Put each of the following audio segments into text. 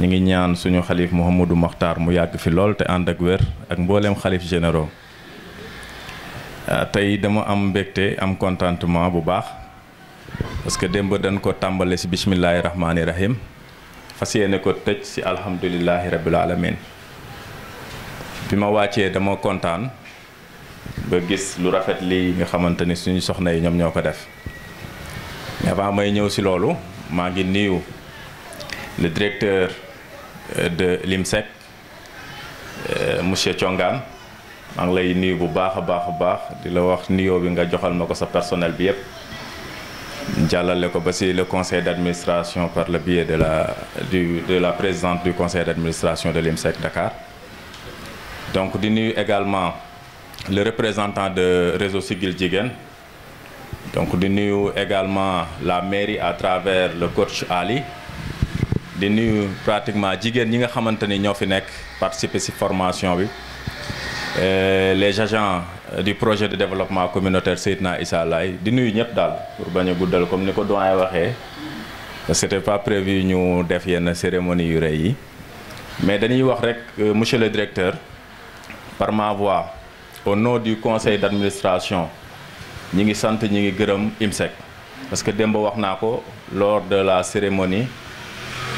ñu ngi ñaan suñu xalif Mouhamadou Makhtar mu yàgg fi lool te ànd ak wér ak mbooleem xalif généraux ah, tey dama am mbégte am contentement bu baax parce que démb dañ ko tàmbale si bisimillahi rahmaani rahim fas yéene ko tëj si alhamdulilahi rabil alamin bi ma wàccee dama kontaan ba gis lu rafet lii nga xamante ni suñu soxna yi ñoom ñoo ko def avant may ñëw si loolu maa ngi niiw le directeur Euh, de l'IMSEC euh, monsieur congan maa ngi lay nuyu bu baax a baax a baax di la wax nuyoo bi nga joxal ma ko sa personnel bi yépp jàllale ko ba si le conseil d'administration par le biais de la du de la présidente du conseil d'administration de l'IMSEC Dakar donc di nuyu également le représentant de réseau Siggil Jigéen donc di nuyu également la mairie à travers le coach Ali di nuyu pratiquement jigéen ñi nga xamante ni ñoo fi nekk participer ci formation bi euh, les agents euh, du projet de développement communautaire Seydina Issa Laye di nuyu ñëpp daal pour bañ a guddal comme ni ko doyen waxee parce que c'était pas prévu ñu def yenn cérémonie yu rëy yi mais dañuy wax rek euh, monsieur le directeur par ma voix au nom du conseil d'administration ñi ngi sant ñi ngi gërëm IMSEC parce que démb wax naa ko lors de la cérémonie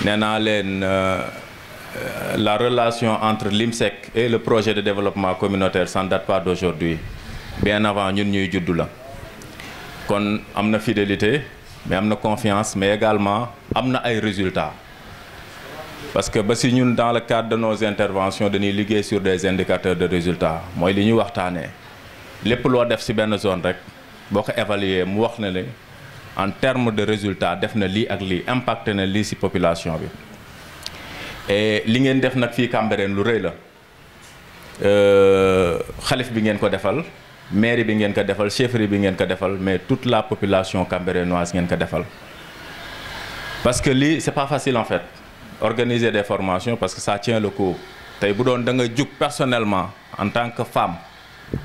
nee naa leen euh, euh, la relation entre l'IMSEC et le projet de développement communautaire ça ne date pas d'aujourd'hui bien avant ñun ñuy juddu la kon am na fidélité mais am na confiance mais également am na ay résultats parce que ba si ñun dans le cadre de nos interventions dañuy liggéey sur des indicateurs de résultats mooy li ñuy waxtaanee lépp loo def si benn zone rek boo ko évaluer mu wax na ne en terme de résultat def na lii ak lii impacté na lii si population bi et li ngeen def nag fii Cambérène lu rëy la euh, xalif bi ngeen ko defal mairie bi ngeen ko defal chefferie bi ngeen ko defal mais toute la population cambérénoise ngeen ko defal parce que lii c'est pas facile en fait organiser des formation parce que sa tient le coup tey bu doon da nga jug personnellement en tant que femme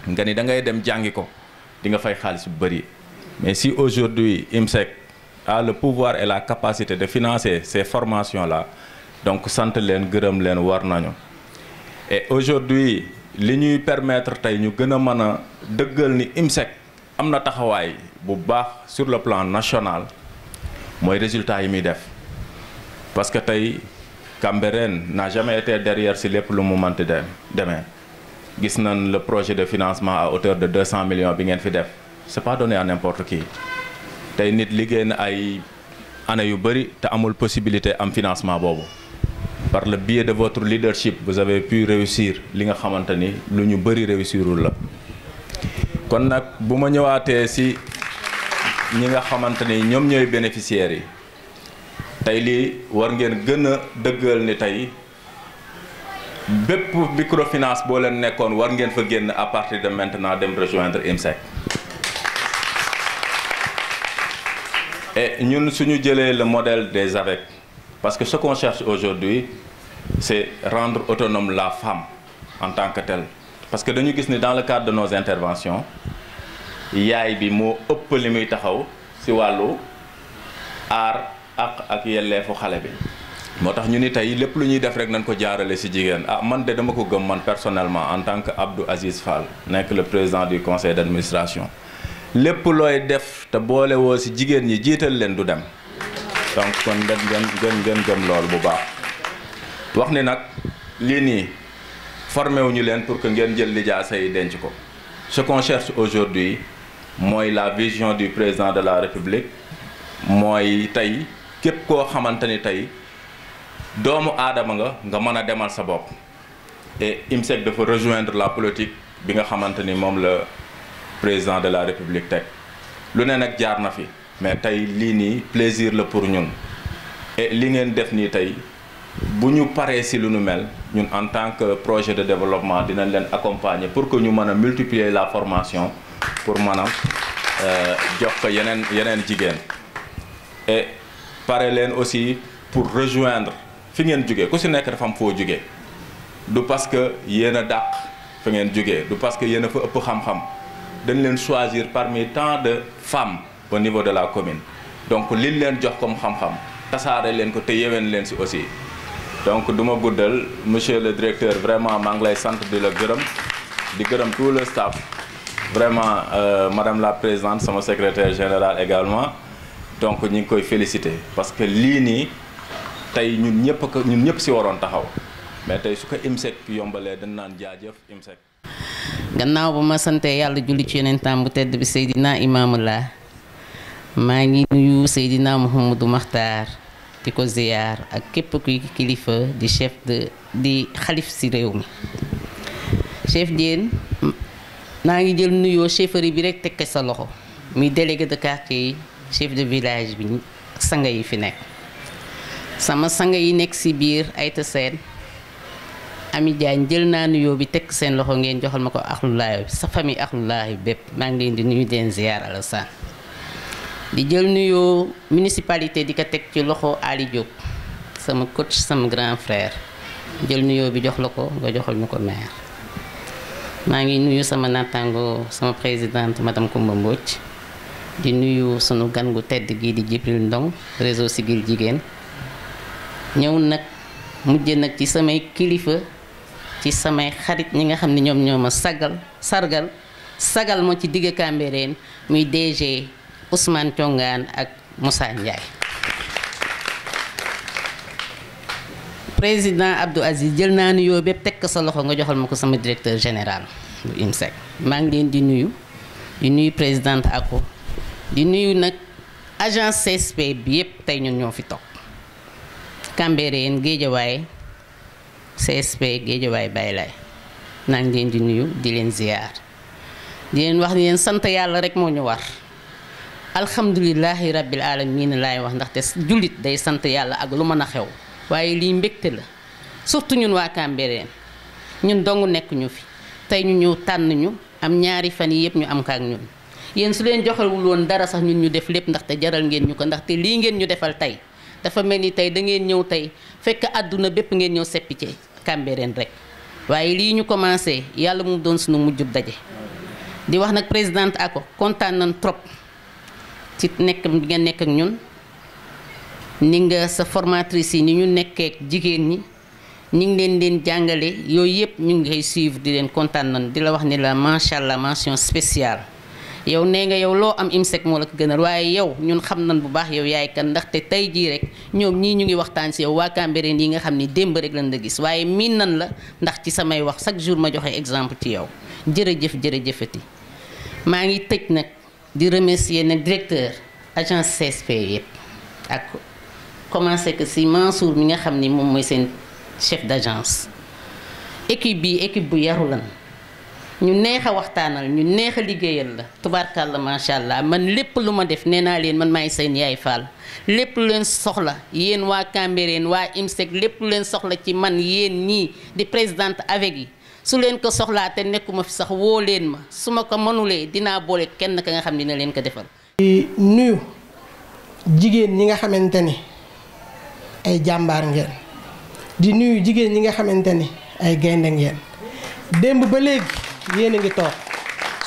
nga ni da ngay dem jàngi ko di nga fay xaalis bu bëri Mais si aujourd'hui IMSEC à le pouvoir et la capacité de financer ces formation la donc sant leen gërëm leen war nañu et aujourd'hui li ñuy permettre tey ñu gën a mën a dëggal ni IMSEC am na taxawaay bu baax sur le plan national mooy résultat yi muy def parce que tey Cambérène n'a jamais été derrière si lépp lu mu mante dem demee gis nañ le projet de financement à hauteur de 200 millions bi ngeen fi def c'est pas donné à n'importe qui tey nit liggéey na ay année yu bëri te amul possibilité am financement boobu par le biais de votre leadership vous avez puis réussir li nga xamante ni lu ñu bëri réussirul la kon nag bu ma ñëwaatee si ñi nga xamante ni ñoom ñooy bénéficiaires yi tey lii war ngeen gën a dëggal ni tey bépp microfinance boo leen nekkoon war ngeen fa génn à partir de maintenant dem rejoindre IMSEC et ñun su ñu jëlee le modèle des avec parce que ce qu'on cherche aujourd'hui c'est rendre autonome la femme en tant que telle parce que dañu gis ni dans le cadre de nos interventions yaay bi moo ëpp li muy taxaw ci wàllu aar ak ak yelleefu xale bi moo tax ñu ni tey lépp lu ñuy def rek nañ ko jaarale ci jigéen ah man de dama ko gëm man personnellement en tant que Abdou Aziz Fall nekk le président du conseil d'administration lépp looy def te boole woo si jigéen ñi jiital leen du dem donc kon ngeen ngeen ngeen ngeen gëm loolu bu baax wax ni nag lii nii formé wuñu leen pour que ngeen jël lijaasa yi denc ko ce qu'on cherche aujourd'hui mooy la vision du président de la république mooy tey képp koo xamante ni tey doomu aadama nga nga mën a demal sa bopp te IMSEC dafa rejoindre la politique bi nga xamante ni moom la président de la république teg lu ne nag jaar na fi mais tey lii nii plaisir la pour ñun li ngeen def nii tey bu ñu paree si lu nu mel ñun en tant que projet de développement dinañ leen accompagner pour que ñu mën a multiplier la formation pour mën a euh, jox ko yeneen yeneen jigéen e pare leen aussi pour rejoindre fi ngeen jógee ku si nekk dafa mu foo jóge du parce que yéen a dàq fi ngeen jógee du parce que yéen a fa ëpp xam-xam dañ leen choisir parmi temps de femmes au niveau de la commune donc li liñ leen jox comme xam-xam tasaare leen ko te yewen leen si aussi donc duma ma guddal monsieur le directeur vraiment maa ngi lay sant di la gërëm di gërëm tout le staff vraiment euh, madame la président sama secrétaire général également donc ñi ngi koy féliciter parce que lii nii tey ñun ñëpp ko ñun ñëpp si waroon taxaw mais tey su ko IMSEC yombalee dañ naan jaajëf IMSEC gannaaw ba ma santee yàlla julli ci yonentam bu tedd bi Seydina Imaamullah maa ngi nuyu Seydina Mouhamadou Makhtar di ko ziyaar ak képp kuy kilifa di chef de di xalif si réew mi chef Diène naa ngi jël nuyoo chefferie bi rek tekke sa loxo muy délégué de chef de village bi sanga yi fi nekk sama sanga yi nekk ci biir Aïta Sène Ami jël naa nuyo bi tekk seen loxo ngeen joxal ma ko axlulaahi sa famille axlulaahi bépp maa ngi leen di nuyu den ziar Alassane di jël nuyo municipalité di ko teg ci loxo Ali sama coach sama grand frère jël nuyoo bi jox la ko nga joxal ma ko maire maa ngi nuyu sama nattango sama présidente madame Koumba Mbodj di nuyu sunu gan tedd gii di Jibril Ndong réseau civil jigéen ñëw nag mujj nag ci samay kilifa ci samay xarit ñi nga xam ne ñoom ñoo ma sagal sargal sagal ma ci digg Cambérène muy DG Ousmane Thiongaan ak Moussa Ndiaye. président Abdou Aziz jël naa ni nuyoo bépp teg ko sa loxo nga joxal ma ko sama directeur général bu maa ngi leen di nuyu di nuyu présidente ACO di nuyu nag agence CSP bi yépp tey ñun ñoo fi toog Cambérène Guédiawaye CSP Géejawaay Baay Laay naa ngeen di nuyu di leen ziyaar di leen wax ni leen sant yàlla rek moo ñu war alhamdulilahi rabbil alamin laay wax ndaxte jullit day sant yàlla ak lu mën a xew waaye lii mbégte la surtout ñun waa Cambérène ñun dong nekk ñu fi tey ñu ñëw tànn ñu am ñaari fan yi yëpp ñu am kaak ñun yéen su leen joxewul woon dara sax ñun ñu def lépp ndaxte jaral ngeen ñu ko ndaxte lii ngeen ñu defal tey dafa mel ni tey da ngeen ñëw tey fekk àdduna bépp ngeen ñëw seppi ci Cambérène rek waaye lii ñu commencé yàlla mu doon suñu mujjub daje di wax nag présidente ako kontaan trop ci nekk bi nga nekk ak ñun ni nga sa formatrice yi ni ñu nekkee ak jigéen ñi ñu ngi leen leen jàngale yooyu yëpp ñu ngi koy suivre di leen kontaan nañ di la wax ni la macha allah mention spéciale yow nee nga yow loo am IMSEC moo la ko gënal waaye yow ñun xam nañ bu baax yow yaay kan ndaxte tey jii rek ñoom ñii ñu ngi waxtaan si yow waa Cambérène yi nga xam ni démb rek lañ la gis waaye miin nan la ndax ci samay wax chaque jour ma joxe exemple ci yow jërëjëf jërëjëfati maa ngi tëj nag di remercier nag directeur agence CSP yëpp ak commencé que si Mansour mi nga xam ni moom mooy seen chef d' agence équipe bi équipe bu yaru lan ñu neex a waxtaanal ñu neex a liggéeyal la tubaarkàlla macha allah man lépp lu ma def nee naa leen man maay seen yaay Fall lépp lu leen soxla yéen waa Cambérène waa IMSEC lépp lu leen soxla ci man yéen nii di présidente avec yi su leen ko soxlaa te nekkuma fi sax woo leen ma su ma ko mënulee dinaa boole kenn ka nga xam dina leen ko defal. di nuyu jigéen ñi nga xamante ni ay jàmbaar ngeen di nuyu jigéen ñi nga xamante ni ay gaynde ngeen démb ba léegi. yéen a ngi toog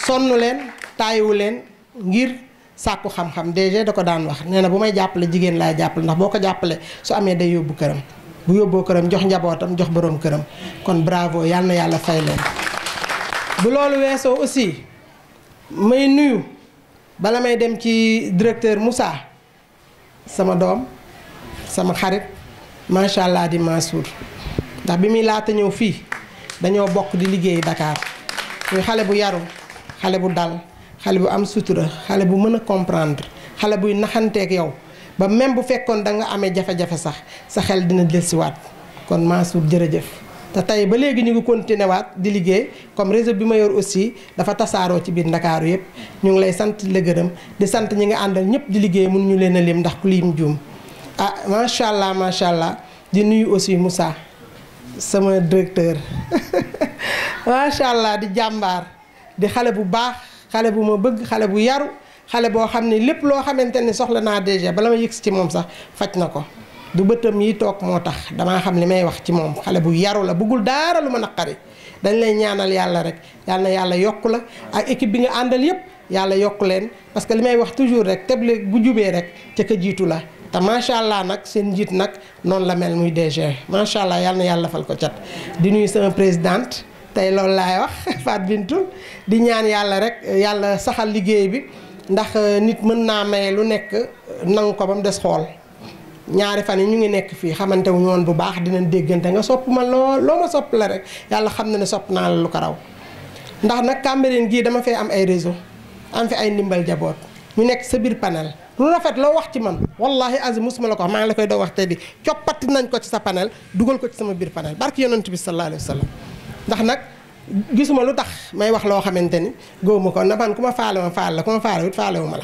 sonn leen taywu leen ngir sàkku xam-xam DG da ko daan wax nee na bu may jàppale jigéen laay jàppale ndax boo ko jàppale su amee day yóbbu këram bu yóbboo këram jox njabootam jox boroom këram kon bravo yàlla na yàlla fay leen bu loolu weesoo aussi may nuyu bala may dem ci directeur Moussa sama doom sama xarit macha allah di Mansour ndax bi muy laata ñëw fii dañoo bokk di liggéey ndakaar muy xale bu yaru xale bu dal xale bu am sutura xale bu mën a comprendre xale buy naxanteeg yow ba même bu fekkoon da nga amee jafe-jafe sax sa xel dina dellusiwaat kon Mansour jërëjëf te tey ba léegi ñu ngi continué waat di liggéey comme réseau bi ma yor aussi dafa tasaaroo ci biir ndakaaru yëpp ñu ngi lay sant la gërëm di sant ñi nga àndal ñëpp di liggéey mun ñu leen a lim ndax ku lim juum ah macha allah macha allah di nuyu aussi Moussa. sama directeur macha allah di jàmbaar di xale bu baax xale bu ma bëgg xale bu yaru xale boo xam ne lépp loo xamante ni soxla naa DG bala ma yëgsi ci moom sax faj na ko du bëtam yi toog moo tax damaa xam li may wax ci moom xale bu yaru la bëggul daara lu ma naqari dañ lay ñaanal yàlla rek yàlla na yàlla yokku la ak équipe bi nga àndal yépp yàlla yokk leen parce que li may wax toujours rek teble bu jubee rek ca ka jiitu la te macha allah nag seen njiit nag noonu la mel muy DG macha allah yal na yàlla fal ko cat di nuyu sama présidente tey loolu laay wax Fatou Bintou di ñaan yàlla rek yàlla saxal liggéey bi ndax euh, nit mën naa maye lu nekk nangu ko ba mu des xool ñaari fan yi ñu ngi nekk fii xamante wu ñu bu baax dinañ déggante nga sopp ma loo loo ma sopp la rek yàlla xam na ne sopp naa la lu ko raw ndax nag Cambérène gii dama fay am ay réseau am fi ay ndimbal jaboot ñu nekk sa biir panel lu rafet loo wax ci man wallahi azim musuma la ko maa ngi la koy doo wax tey bi coppati nañ ko ci sa panel dugal ko ci sama biir panel barki yonent bi sallallahu alayhi wa sallam ndax nag gisuma lu tax may wax loo xamante ni góomu ko na man ku ma faale ma la ku ma faale wut faalewu ma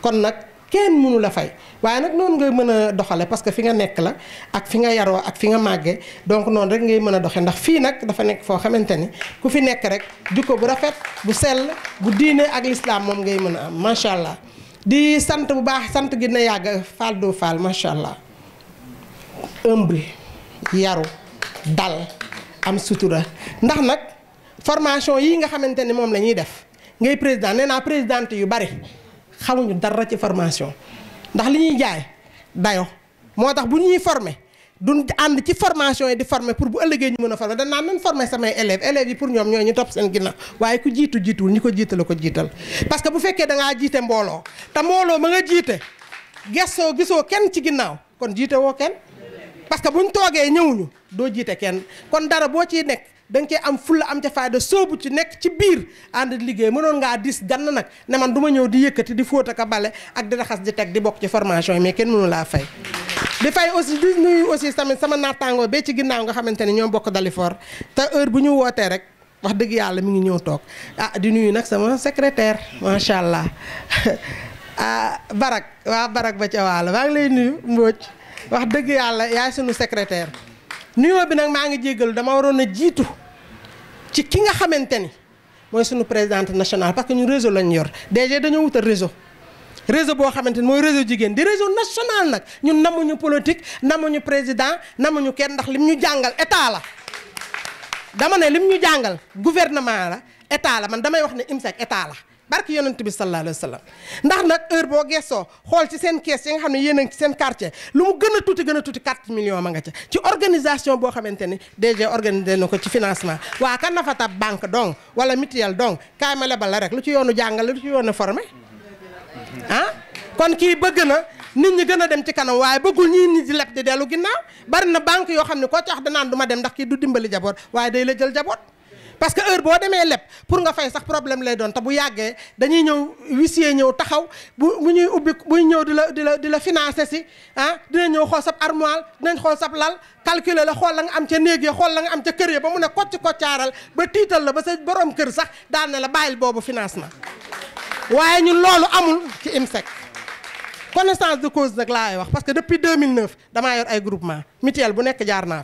kon nag kenn mënu la fay waaye nag noonu ngay mën a doxale parce que fi nga nekk la ak fi nga yaroo ak fi nga màggee donc noonu rek ngay mën a doxee ndax fii nag dafa nekk foo xamante ni ku fi nekk rek jikko bu rafet bu sell bu diine ak lislaam moom ngay mën a am macha allah. di sant bu baax sant gi na yàgg Fall doo Fall macha allah ëmb yaru dal am sutura ndax nag formation yi nga xamante ni moom lañuy def ngay président nee naa présidente yu bari xamuñu dara ci formation ndax li ñuy jaay dayo moo tax bu ñuy former duñ ànd ci formation yi di former pour bu ëllëgee ñu mën a former dañ naan nañ former samay élèves élèves yi pour ñoom ñooy ñu topp seen ginnaaw waaye ku jiitu jiituwul ñu ko jiite ko jiital parce que bu fekkee da ngaa jiite mbooloo te mbooloo ma nga jiite gestoo gisoo kenn ci ginnaaw kon jiitewoo kenn parce que ñu toogee ñëwuñu doo jiite kenn kon dara boo ciy nekk da nga cee am fulla am ca fayda soobu ci nekk ci biir ànd liggéey mënoon ngaa dis gann nag ne man du ma ñëw di yëkkati di fóot ak a bale ak di raxas di teg di bokk ci formation mais kenn mënu laa fay di fay aussi di nuyu aussi sama naataangoo bee ci ginnaaw nga xamante ne ñoo bokk Dalifort te heure bu ñu wootee rek wax dëgg yàlla mu ngi ñëw toog ah di nuyu nag sama secrétaire macha allah ah Barak waa Barak ba ca waalo maa ngi lay nuyu Mbodj wax dëgg yàlla yaay sunu secrétaire nuyoo bi nag maa ngi jégalu dama waroon a jiitu. ci ki nga xamante ni mooy suñu présidente nationale parce que ñun réseau lañ yor DG dañoo wutal réseau réseau boo xamante ni mooy réseau jigéen di réseau national nag ñun namuñu politique namuñu président namuñu kenn ndax lim ñu jàngal état la dama ne lim ñu jàngal gouvernement la état la man damay wax ne IMSEC état la barke yonent bi sallallahu alayhi wa ndax nag heure boo gestoo xool ci seen kees yi nga xam ne yéen a ngi ci seen quartier lu mu gën tuuti gën tuuti 4 millions ma nga ca ci organisation boo xamante ni DG organisé na ko ci financement waa kan na fa tab banque donc wala mutuelle donc kaay ma lebal la rek lu ci yoonu jàngale lu ci yoonu formé ah kon kii bëgg na nit ñi gën a dem ci kanam waaye bëggul ñii nit di leb di dellu bari na banque yoo xam ne koo ci wax danaan du ma dem ndax kii du dimbali jaboot waaye day la jël jaboot parce que heure boo demee leb pour nga fay sax problème lay doon te bu yàggee dañuy ñëw huissier ñëw taxaw bu bu ñuy ubbi buy ñëw di la di la di la financer si ah dina ñëw xool sab armoire dinañ xool sab lal calculer la xool la nga am ca néeg ya xool la nga am ca kër ya ba mu ne kocc koccaaral ba tiital la ba sa borom kër sax daan na la bàyyil boobu financement waaye ñun loolu amul ci IMSEC connaissance de cause nag laay wax parce que depuis damaa yor mutuel bu nekk jaar naa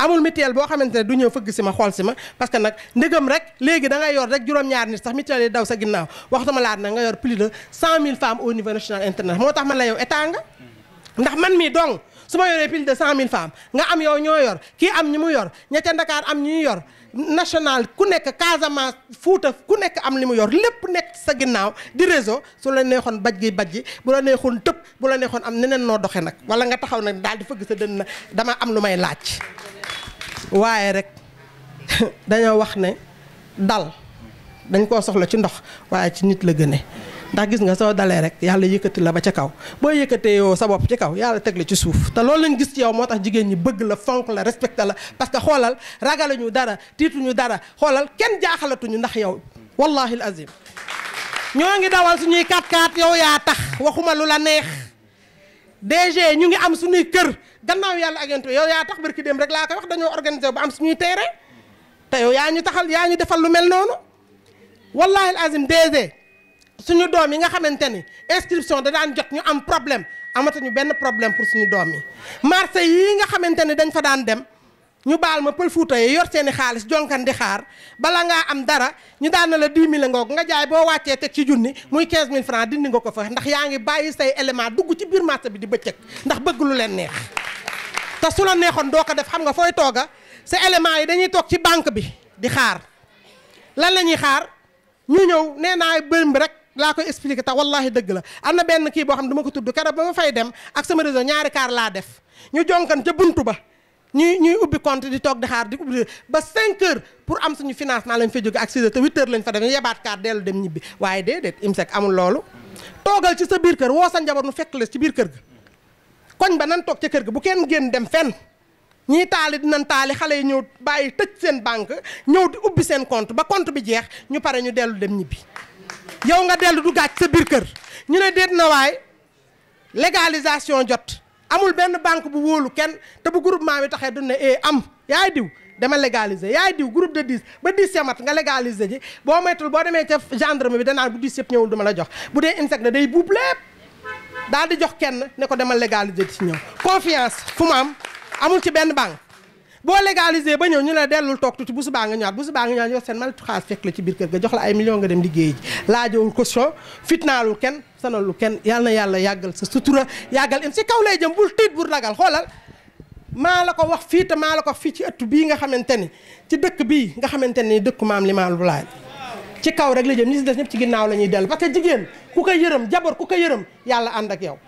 amul mutuelle boo xamante ne du ñëw fëgg si ma xool si ma parce que nag ndegam rek léegi da yor rek juróom-ñaar nit sax mutuelle yi daw sa ginnaaw waxtuma laat nag nga yor plus de 100000 femmes au niveau national internet moo tax man la yow état nga ndax man mii dong su ma yoree plus de cent 100000 femmes nga am yow ñoo yor kii am ñi mu yor ña ca Dakar am ñi yor national ku nekk Casamance Fuuta ku nekk am li mu yor lépp nekk sa ginnaaw di réseau su la neexoon baj gi baj gi bu la neexoon tëb bu la neexoon am neneen noo doxe nag wala nga taxaw nag daal di fëgg sa dënn na dama am lu may laaj waaye rek dañoo wax ne dal dañ koo soxla ci ndox waaye ci nit la gëne ndax gis nga soo dalee rek yàlla yëkkati la ba ca kaw boo yëkkatee yow sa bopp ci kaw yàlla teg la ci suuf te loolu lañ gis ci yow moo tax jigéen ñi bëgg la fonk la respecté la parce que xoolal ñu dara tiituñu dara xoolal kenn jaaxalatuñu ndax yow wallahi al azim ñoo ngi dawal suñuy 4x4 yow yaa tax waxuma lu la neex DG ñu ngi am suñuy kër gannaaw yàlla ak yonent bi yow yaa tax barki dem rek laa koy wax dañoo organisé ba am suñuy terrain te yow yaa ñu taxal yaa ñu defal lu mel noonu wallahi al azim suñu doom yi nga xamante ni inscription da daan jot ñu am problème amatuñu benn problème pour suñu doom yi marché yii nga xamante ni dañ fa daan dem ñu baal ma pël fuuta yi yor seeni xaalis jonkan di xaar bala ngaa am dara ñu daan na la 10 000 ngoog nga jaay boo wàccee teg ci junni muy 15 000 francs dindi nga ko fa ndax yaa ngi bàyyi say élément dugg ci biir marché bi di bëccëg ndax bëgg lu leen neex te su la neexoon doo ko def xam nga fooy tooga sa élément yi dañuy toog ci banque bi di xaar lan la ñuy xaar ñu ñëw nee naa bërëm bi rek laa koy expliqué tax wallahi dëgg la am na benn kii boo xam ne du ko tudd keroog ba ma fay dem ak sama réseau ñaari kaar laa def ñu jonkan ca buntu ba ñuy ñuy ubbi compte di toog di xaar di ubbi ba cinq heures pour am suñu financement lañ fa jóge ak 6 heures te 8 heures lañ fa demee yebaat kaar dellu dem ñibbi waaye déedéet IMSEC amul loolu. toogal ci sa biir kër woo sa njaboot nu fekk la ci biir kër ga koñ ba nan toog ca kër ga bu kenn génn dem fenn. ñii taali dinañ taali xale yi ñëw bàyyi tëj seen banque ñëw di ubbi seen compte ba compte bi jeex ñu pare ñu dellu dem ñibbi yow nga dellu du gàcc sa biir kër ñu ne déet na waay légalisation jot amul benn banque bu wóolu kenn te bu groupement bi taxee dun ne eh, am yaay diw demal légaliser yaay diw groupe de dix ba dix yamat nga légaliser ji boo moytul boo demee ca gendarme bi danaa bu dix yëpp ñëwul duma la jox bu dee insecte day buub lépp daal di jox kenn ne ko dama légaliser ci ñëw confiance fu mu am amul ci benn banque boo légalisé ba ñëw ñu la dellul toog tuuti bu subaa nga ñëwaat bu subaa nga ñëwaat yow seen maletu xaalis fekk la ci biir kër ga jox la ay million nga dem liggéey ji laajowul caution kenn sanalul yàlla yàggal sa sutura yàggal im si kaw lay jëm bul tiit bul ragal xoolal maa la ko wax fii te la ko wax fii ci ëtt bii nga xamante ni ci dëkk bii nga xamante ni dëkku maam li lu laaj ci kaw la jëm ñi si des ci ginnaaw la ñuy dellu parce que jigéen ku ko yërëm jabar ku ko yërëm yàlla ànd ak yow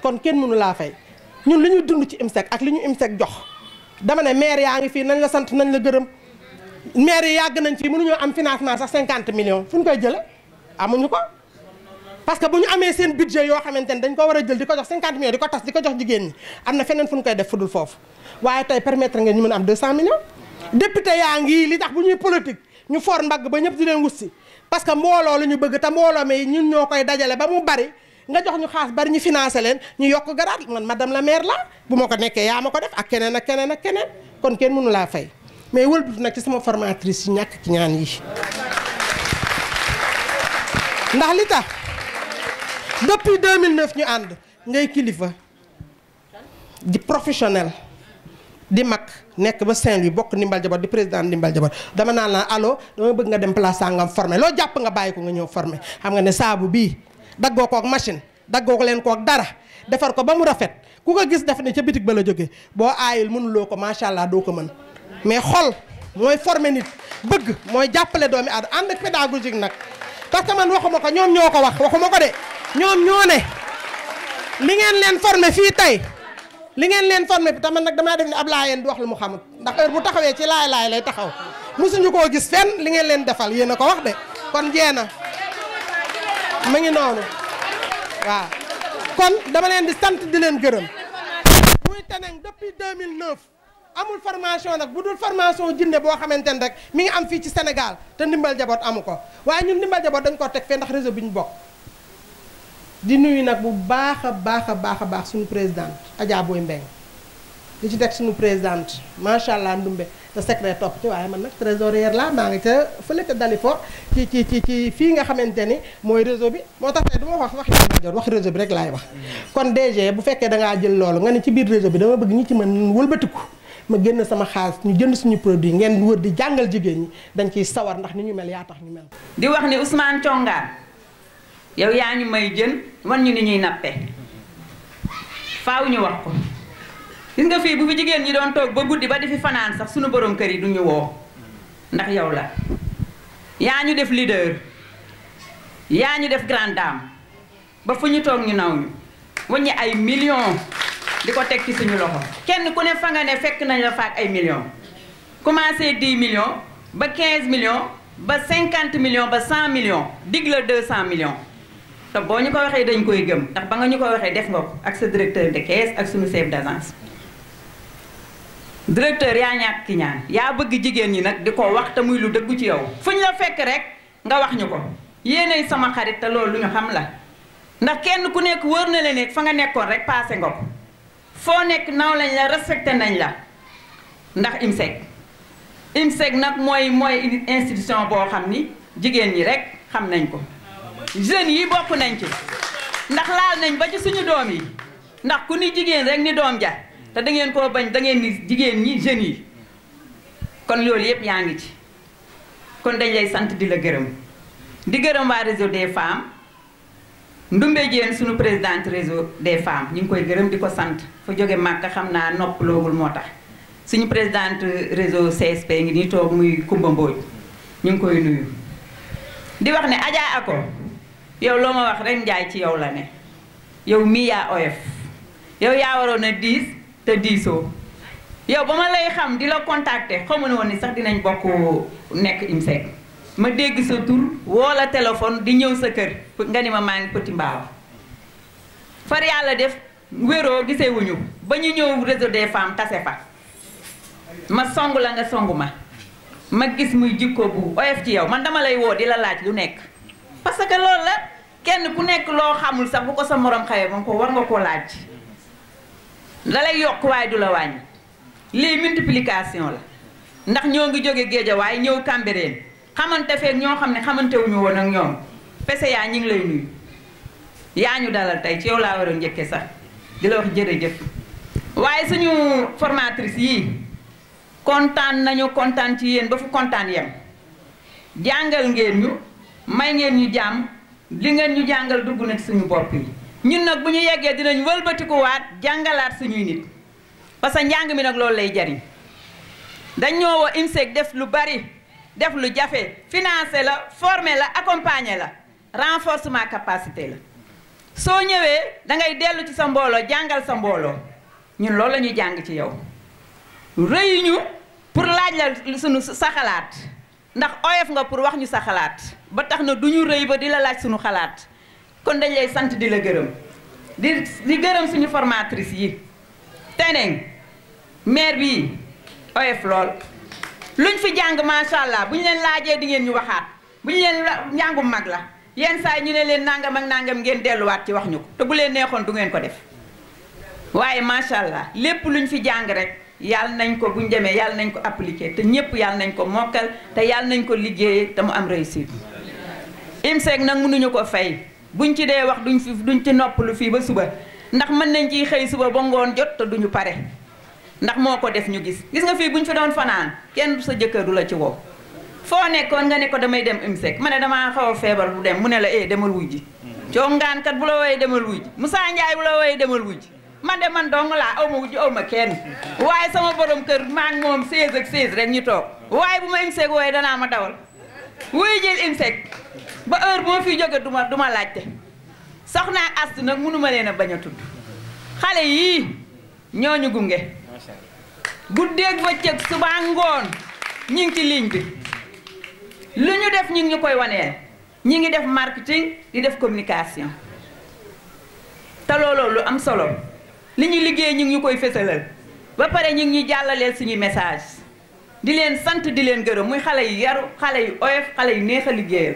kon kenn mënu laa fay ñun li ñu dund ci IMSEC ak li ñu IMSEC jox dama ne maire yaa ngi fii nañ la sant nañ la gërëm maire yi yàgg nañ fii mënuñoo am financement sax cinquante millions fu ñu koy jële amuñu ko parce que bu ñu amee seen budget yoo xamante ne dañ ko war a jël di ko jox cinquante millions di ko tas di ko jox jigéen ñi am na feneen fu ñu koy def fudul foofu waaye tey permettre ngeen ñu mën am deux cent millions député yaa ngi li tax bu ñuy politique ñu for mbagg ba ñëpp di leen wut si parce que mbooloo lu ñu bëgg te mbooloo mi ñun ñoo koy dajale ba mu bari nga jox ñu xaas bari ñu financé leen ñu yokk garaat man madame la maire la bu ma ko nekkee yaa ma ko def ak keneen ak keneen ak keneen kon kenn mënu laa fay mais wëlbatu nag ci sama formatrice yi ñàkk ci ñaan yi ndax li tax depuis 2009 ñu ànd ngay kilifa di professionnel di mag nekk ba Saint-Louis bokk ndimbal jabar di président ndimbal jabar dama naan la allo dama bëgg nga dem place sangam formé loo jàpp nga bàyyi ko nga ñëw formé xam nga ne saabu bii. daggoo kook machine daggoo ko leen kook dara defar ko ba mu rafet ku ko gis def ne ca bitig ba la jóge boo aayul mënuloo ko macha allah doo ko mën mais xol mooy former nit bëgg mooy jàppale doomi aadama ànd ak pédagogique nag parce que man waxuma ko ñoom ñoo ko wax waxuma ko de ñoom ñoo ne li ngeen leen formé fii tey li ngeen leen formé bi tamit nag damaa def ne ab laayeen du wax lu mu xamut ndax heure bu taxawee ci laay laay lay taxaw mosuñu koo gis fenn li ngeen leen defal yéen a ko wax de kon jeena mu ngi noonu waaw kon dama leen di sant di leen gërëm muy teneng depuis 2009 amul formation nag bu dul formation jinne boo xamante ne rek mi ngi am fii ci Sénégal te ndimbal jaboot amu ko waaye ñun ndimbal jaboot dañ koo teg fee ndax réseau bi ñu bokk di nuyu nag bu baax a baax a baax a baax suñu présidente Adja Boy Mbeng di ci teg suñu présidente macha allah Ndumbe te secret topp ci waaye man nag trésorière la maa ngi ca fële ca Dalifort ci ci ci ci fii nga xamante ni mooy réseau bi moo tax tey du wax wax wax réseau bi rek laay wax kon DG bu fekkee da ngaa jël loolu nga ne ci biir réseau bi dama bëgg ñi ci mën wëlbatiku ma génn sama xaalis ñu jënd suñu produit ngeen wër di jàngal jigéen ñi dañ ciy sawar ndax ni ñu mel yaa tax ñu mel di wax ni Ousmane Thiongaan yow yaa ñu may jën wan ñu ni ñuy nappe faaw ñu gis nga fii bu fi jigéen ñi doon toog ba guddi ba di fi fanaan sax sunu borom kër yi duñu ñu woo ndax yow la yaa ñu def leader yaa ñu def grande dame ba fu ñu toog ñu naw ñu waññi ay millions di ko teg ci suñu loxo kenn ku ne fa nga ne fekk nañ la faak ay millions commencé 10 millions ba 15 millions ba 50 million ba 100 millions dig la 200 millions te boo ñu ko waxee dañ koy gëm ndax ba nga ñu ko waxee def nga ko ak sa directeur de caisse ak suñu chef d'agence directeur yaa ñàkk ki yaa bëgg jigéen ñi nag di ko wax te muy lu dëggu ci yow fu ñu la fekk rek nga wax ñu ko yéenay sama xarit te loolu lu ñu xam la ndax kenn ku nekk wër na la ne fa nga nekkoon rek paase nga ko foo nekk naw lañ la respecté nañ la ndax IMSEC IMSEC nag mooy mooy institution boo xam ni jigéen ñi rek xam nañ ko jeunes yi bokk nañ ci ndax laal nañ ba ci suñu doom yi ndax ku ni jigéen rek ni doom ja te da ngeen koo bañ da ngeen ni jigéen ñi jeunes yi kon loolu yëpp yaa ngi ci kon dañ lay sant di la gërëm di gërëm waa réseau des femmes ndumbe jeen suñu présidente réseau des femmes ñu ngi koy gërëm di ko sant fa jóge màkk xam naa nopp loogul moo tax suñu présidente réseau CSP ngi ni toog muy Kumba Mbooj ñu ngi koy nuyu di wax ne Adja Ako yow loo ma wax rek njaay ci yow la ne yow mii yaa oyof yow yaa waroon a diis te diisoo yow ba ma lay xam di la contacter xamu ne woon ni sax dinañ bokk nekk IMSEC ma dégg sa tur woo la téléphone di ñëw sa kër nga ni ma maa ngi Petit Mbao far yàlla def wéroo gisee wuñu ba ñu ñëw réseau des femmes tase fa ma song la nga song ma ma gis muy jikko bu oyof ci yow man dama lay woo di la laaj lu nekk parce que loolu la kenn ku nekk loo xamul sax bu ko sa morom xawee moom ko war nga koo laaj la lay yokk waaye du la wàññi lii multiplication la ndax ñoo ngi jóge géeja waaye ñëw Cambérène xamante feek ñoo xam ne xamantewuñu wuñu woon ak ñoom pese yaa ñu ngi lay nuyu yaa ñu dalal tey ci yow laa war a njëkke sax di la wax jërëjëf waaye suñu formatrice yii kontaan nañu kontaan ci yéen ba fu kontaan yem jàngal ngeen ñu may ngeen ñu jàmm li ngeen ñu jàngal dugg na ci suñu bopp yi ñun nag bu ñu yeggee dinañ wëlbatikuwaat jàngalaat suñuy nit parce que njàng mi nag loolu lay jariñ dañ ñoo woo def lu bari def lu jafe financer la former la accompagner la renforcement capacité la soo ñëwee da ngay dellu ci sa mbooloo jàngal sa mbooloo ñun loolu la ñuy jàng ci yow rëy ñu pour laaj la suñu sa xalaat ndax oyof nga pour wax ñu sa xalaat ba tax na du ñu rëy ba di la laaj suñu xalaat kon dañ sant di la gërëm di di gërëm suñu formatrice yi teneen maire bi oyof lool luñ fi jàng macha allah bu ñu leen laajee di ngeen ñu waxaat bu ñu leen njàngum mag la yenn saa ñu ne leen nangam ak nangam ngeen delluwaat ci wax ñu ko te bu leen neexoon du ngeen ko def waaye macha allah lépp luñ fi jàng rek yàlla nañ ko buñ demee yàlla nañ ko appliquer te ñëpp yàlla nañ ko mokkal te yàlla nañ ko liggéeyee te mu am réussite. IMSEC nag mënuñu ko fay. bu buñ ci dee wax duñ fi duñ ci noppalu fii ba suba ndax mën nañ ciy xëy suba ba ngoon jot te duñu pare ndax moo ko def ñu gis gis nga fii buñ fi doon fanaan kenn sa jëkkër du la ci woo foo nekkoon nga ne ko damay dem IMSEC ma ne damaa xaw a feebar bu dem mu ne la eh demal wujji congaankat bu la wooyee demal wujji Moussa Ndiaye bu la wooyee demal wujji man de man dong laa aw ma wujji ma kenn waaye sama borom kër maa ngi moom 16 ak 16 rek ñu toog waaye bu ma IMSEC wooyee danaa ma dawal wuy ba heure boo fi jóge duma duma laajte soxna ak Astou nag mënuma leen a bañ a tudd xale yii ñooñu gunge guddeeg bëccëg suba ngoon ñi ngi ci ligne bi lu ñu def ñi ngi ñu koy waneel ñi ngi def marketing di def communication te looloo lu am solo li ñu liggéey ñi ngi ñu koy fésalal ba pare ñi ngi ñu jàllaleel suñu message di leen sant di leen gërëm muy xale yi yaru xale yu oyof xale yu neex a liggéeyal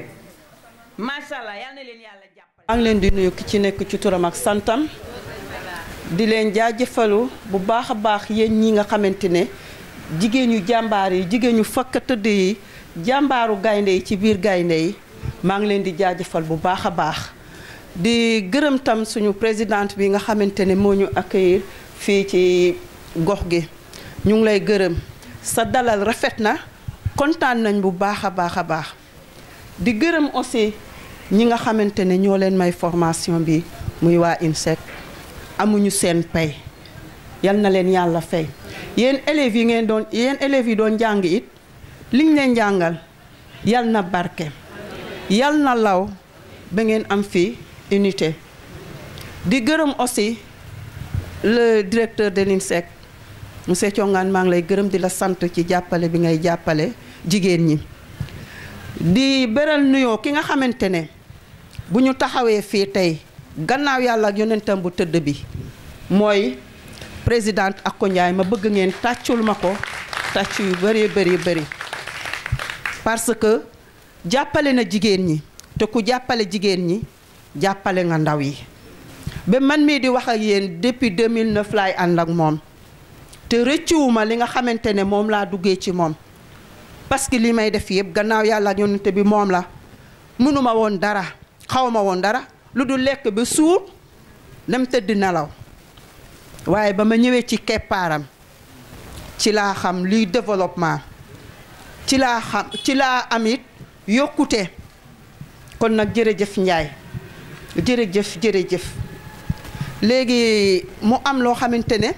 macha allah yal na yàlla jàppale. maa ngi leen di nuyu ki ci nekk ci turam ak santam di leen jaajëfalu bu baax a baax yéen ñi nga xamante ne jigéen ñu jàmbaar yi jigéen ñu fakk tëdd yi jàmbaaru gaynde yi ci biir gaynde yi maa ngi leen di jaajëfal bu baax a baax di gërëm tam suñu présidente bi nga xamante ne moo ñu accueillir fii ci gox gi ñu ngi lay gërëm sa dalal rafet na kontaan nañ bu baax a baax a baax. di gërëm aussi ñi nga xamante ne ñoo leen may formation bi muy waa INSEC amuñu seen pay yal na leen yàlla fay yéen élèves yi ngeen doon yéen élèves yi doon jàng it liñ leen jàngal yal na barke yal na law ba ngeen am fii unité di gërëm aussi le directeur de l'INSEC monsieur Thiongane maa ngi lay gërëm di la sant ci jàppale bi ngay jàppale jigéen ñi di beral nuyoo ki nga xamante ne bu ñu taxawee fii tey gannaaw yàlla ak yonentam bu tëdd bi mooy présidente Ako Ndiaye ma bëgg ngeen tàccul ma ko tàcc yu bëree bëri bëri parce que jàppale na jigéen ñi te ku jàppale jigéen ñi jàppale nga ndaw yi ba man mii di wax ak yéen depuis 2009 laay ànd ak moom te rëccuwuma li nga xamante ne moom laa duggee ci moom parce que li may def yëpp gannaaw yàlla ak yonent bi moom la mënuma woon dara xaw ma woon dara lu dul lekk ba suur dem tëdd nelaw waaye ba ma ñëwee ci keppaaram ci laa xam luy développement ci laa xam ci laa am it yokkute kon nag jërëjëf Njaay jërëjëf jëf léegi mu am loo xamante ne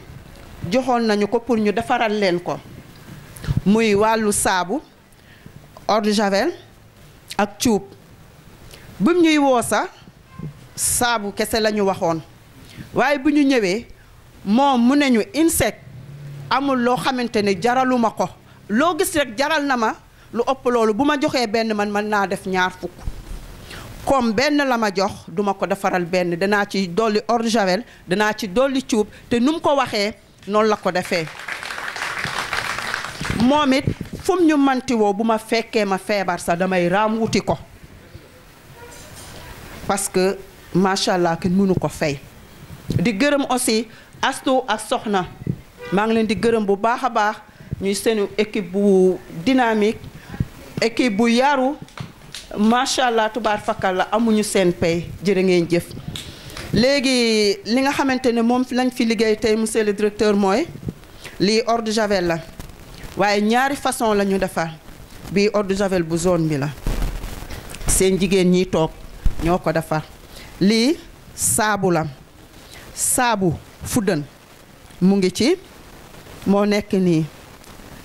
joxoon nañu ko pour ñu defaral leen ko muy wàllu saabu eau ak cuub bu ñuy woo sax saabu kese lañu waxoon waaye bu ñu ñëwee moom mu ne ñu INSEC amul loo xamante ne jaraluma ko loo gis rek jaral na ma lu ëpp loolu bu ma joxee benn man mën naa def ñaar fukk comme benn la ma jox duma ko defaral benn danaa ci dolli eau de javel ci dolli cuub te nu mu ko waxee noonu la ko defee moom it fu ñu mantiwoo bu ma fekkee ma feebar sax damay raam wuti ko parce que macha allah kenn mënu ko fay di gërëm aussi astu ak soxna maa ngi leen di gërëm bu baax a baax ñuy seenu équipe bu dynamique équipe bu yaru macha allah tubaar fakkal la amuñu seen pay jërë ngeen jëf léegi li nga xamante ne moom lañ fi liggéey tey monsieur le directeur mooy lii eau la waaye ñaari façon lañu defar bii eau javel bu zone bi la seen jigéen ñi toog ñoo ko defar lii saabu la saabu fuddën mu ngi ci moo nekk nii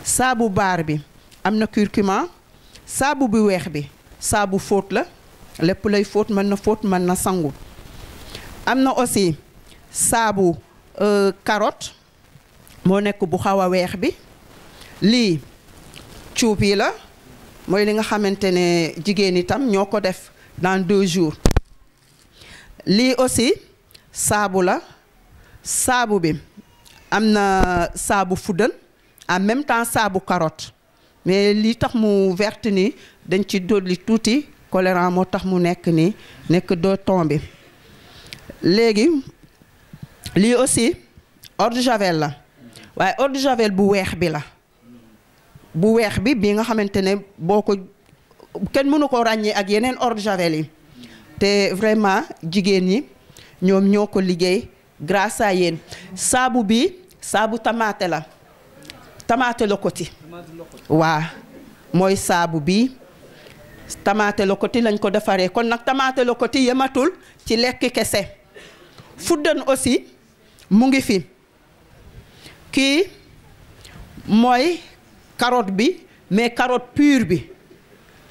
saabu baar bi am na curcuma saabu bu weex bi saabu fóot la lépp lay fóot mën na fóot mën na sangu am na aussi saabu karot euh, moo nekk bu xaw a weex bi lii cuub yi la mooy li nga xamante ne jigéen itam ñoo ko def dans deux jours lii aussi saabu la saabu bi am na saabu fuddal en même temps saabu carotte mais lii tax mu verte ni dañ ci dolli tuuti colorant moo tax mu nekk ni nekk deux tons bi léegi lii aussi eau javel la waaye eau de javel bu weex bi la bu weex bi bii nga xamante ne boo ko kenn mënu ko ràññee ak yeneen eau de javel yi te vraiment jigéen ñi ñoom ñoo ko liggéey grâce à saabu bi saabu tamaate la tamaate lokoti waa mooy saabu bi tamaate lokoti lañ ko defaree kon nag tamaate lokoti yematul ci lekk kese fuddan aussi mu ngi fi kii mooy carotte bi mais carotte pure bi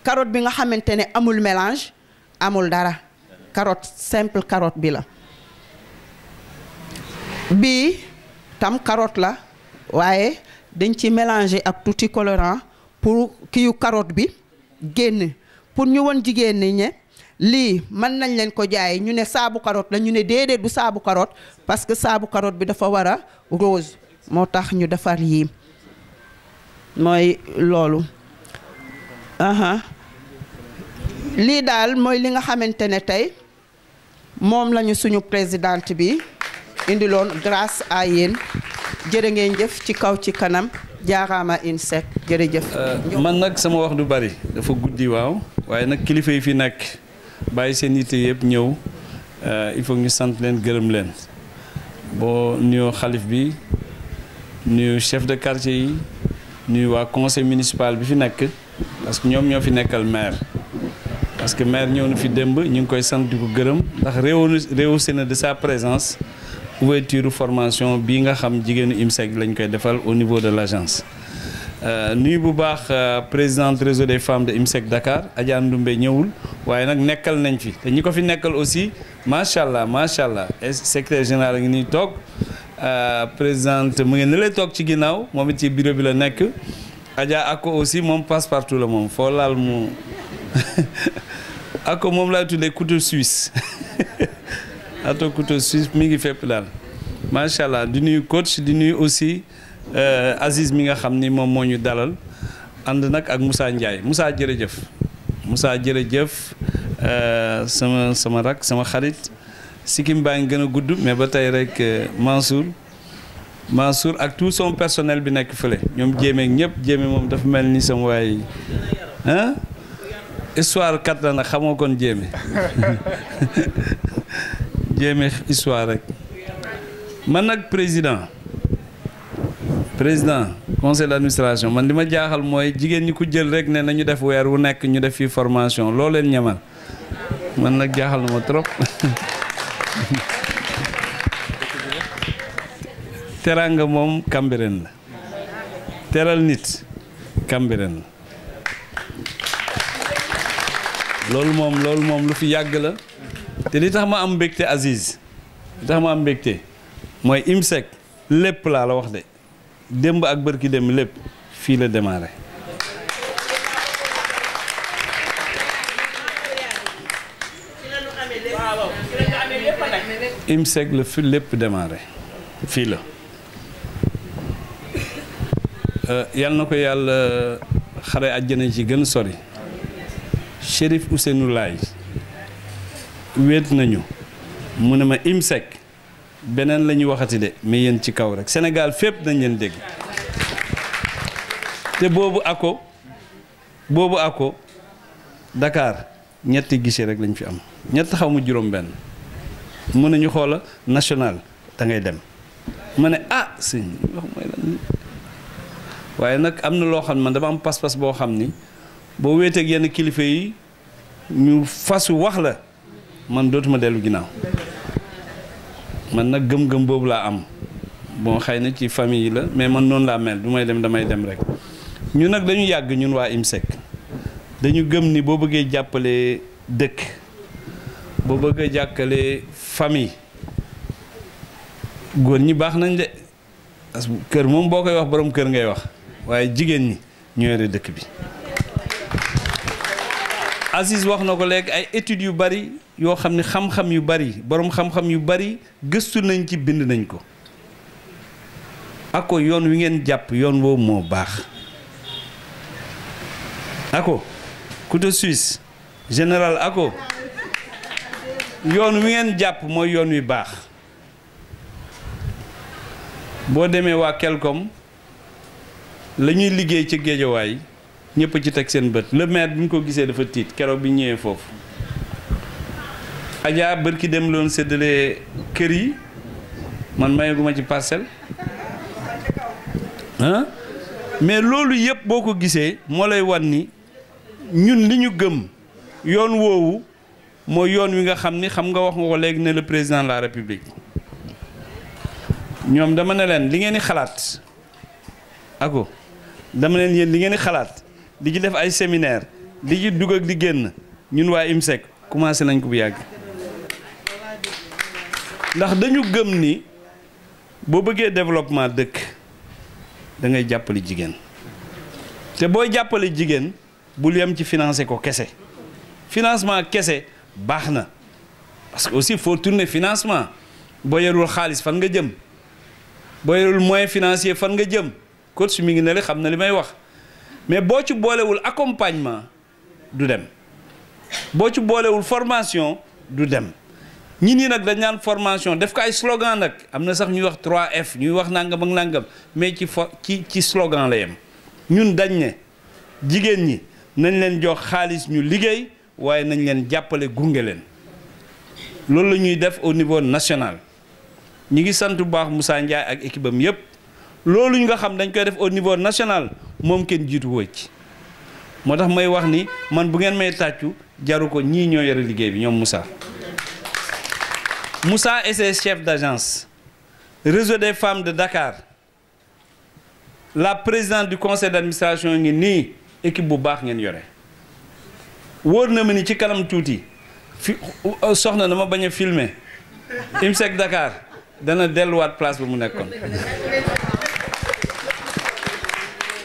karoot bi nga xamante ne amul mélange amul dara karoot simple karoot bi la bii tam karoot la waaye dañ ci mélanger ak tuuti colorant pour kiyu karoot bi génn pour ñu won jigéen ñi ne lii mën nañ leen ko jaay ñu ne saabu karoot la ñu ne déedéet du saabu karoot parce que saabu carotte bi dafa war a rose moo tax ñu defar yii mooy loolu aha lii daal mooy li nga xamante ne tey moom lañu suñu présidente bi indiloon grâce à yéen jërë ngeen jëf ci kaw ci kanam jaaraama INSEC jërëjëf. Euh, man nag sama wax du bari dafa guddi waaw waaye nag kilifa yi fi nekk bàyyi seen yitte yëpp ñëw euh, il faut ñu sant leen gërëm leen boo nuyoo xalif bi nuyoo chef de quartier yi. nuyu waa conseil municipal bi fi nekk parce que ñoom ñoo fi nekkal maire parce que maire ñëw na fi démb ñu ngi koy sant di gërëm ndax réhaussé na de sa présence ouverture formation bi nga xam jigéenu IMSEC lañ koy defal au niveau de l' agence. Euh, nuyu bu baax euh, présidente réseau des femmes de IMSEC Dakar Adja Ndoumbe ñëwul waaye nag nekkal nañ fi te ñi ko fi nekkal aussi macha allah macha allah secrétaire général ngi nuy toog. Euh, présidente mu ngi ni lay toog ci ginnaaw moom it ci bureau bi la nekk Adja Ako aussi moom passe partout la moom foo laal mu Ako moom laay tuddee couteau suisse ato couteau suisse mi ngi fépp daal macha allah di nuyu coach di nuyu aussi euh, Aziz mi nga xam ni moom moo ñu dalal ànd nag ak Moussa Ndiaye jëf jërëjëf Moussa jëf euh, sama sama rak sama xarit sikkim baa ngi gën a gudd mais ba tey rek euh, Mansour Mansour ak tout son personnel bi nekk fële ñoom jéeme ñëpp jéeme moom dafa mel ni sama waay ah histoire kat la nag xamoo kon jéeme jéeme histoire rek man nag président président conseil d'administration man li ma jaaxal mooy jigéen ñi ko jël rek ne nañu def weer wu nekk ñu def fii formation loo leen ñamal man nag jaaxal na ma trop teraanga moom Cambérène la teral nit Cambérène la loolu moom loolu moom lu fi yàgg la te li tax ma am mbégte Aziz li tax ma am mbégte mooy IMSEC lépp laa la wax de démb ak bërki dem lépp fii la démarré IMSEC la fi lépp démarré fii la euh, yal na ko yàlla euh, xare àjjana ci gën sori Chérif Ousseynou Laye wéet nañu mu ne ma imsek beneen la ñuy waxati de mais yéen ci kaw rek senegal fépp nañ leen dégg te boobu ako boobu ako ndakaar ñetti gisee rek lañ fi am ñett xaw ma juróom benn mu ne ñu xoola national da ngay dem ma ne ah sëñ wax mooy lan waaye nag am na loo xam ne man dama am pas-pas boo xam ni boo wéeteeg yenn kilifa yi ñu fasu wax la man dootuma dellu ginnaaw man nag gëm-gëm boobu laa am boo xëy na ci famille yi la mais man noonu laa mel du may dem damay dem rek ñu nag dañu yàgg ñun waa IMSEC dañu gëm ni boo bëggee jàppalee dëkk ba bëgg a jàkkale famille góor ñi baax nañ de parce kër moom boo koy wax boroom kër ngay wax waaye jigéen ñi ñoo yore dëkk bi. Aziz wax na ko léegi ay étude yu bari yoo xam ne xam-xam yu bari boroom xam-xam yu bari gëstu nañ ci bind nañ ko ako yoon wi ngeen jàpp yoon woowu moo baax ako couteau suisse général ako yoon wi ngeen jàpp mooy yoon wi baax boo demee waa Kelkom la ñuy liggéey ci géejawaay ñëpp ci teg seen bët le maire bi mu ko gisee dafa tiit keroog bi ñëwee foofu Adja ki dem loon séddale kër yi man mayeguma ci parcelle mais loolu yëpp boo ko gisee moo lay wan ni ñun li ñu gëm yoon woowu mooy yoon wi nga xam ni xam nga wax nga ko léegi ne le président de la république ñoom dama ne leen li ngeen di xalaat ako dama leen yéen li ngeen xalaat di ci def ay séminaire li ci dugg ak di génn ñun waa IMSEC commencé nañ ko bu yàgg ndax dañu gëm ni boo bëggee développement dëkk da ngay jàppale jigéen te boo jàppale jigéen bul yem ci financer ko kese financement kese baax na parce que aussi faut tourner financement boo yorul xaalis fan nga jëm boo yorul moyen financier fan nga jëm coach mi ngi ne li xam na li may wax mais boo ci boolewul accompagnement du dem boo ci boolewul formation du dem ñi nii nag dañ naan formation def ko ay slogan nag am na sax ñuy wax trois f ñuy wax nangam ak nàngam mais ci fo ci ci slogan la yem ñun dañ ne jigéen ñi nañ leen jox xaalis ñu liggéey waaye nañ leen jàppale gunge leen loolu la ñuy def au niveau national ñi ngi sant bu baax Moussa Ndiaye ak équipe am yëpp loolu ñu nga xam dañ koy def au niveau national moom kenn jiitu woo ci moo tax may wax ni man bu ngeen may tàccu jaru ko ñii ñoo yore liggéey bi ñoom Moussa Moussa et ses chefs d'agence réseau des femmes de Dakar la présidente du conseil d'administration ngi nii équipe bu baax ngeen yore wóor na ma ni ci kanam tuuti fi uh, soxna na bañ a filmer IMSEC Dakar dana delluwaat place bi mu nekkoon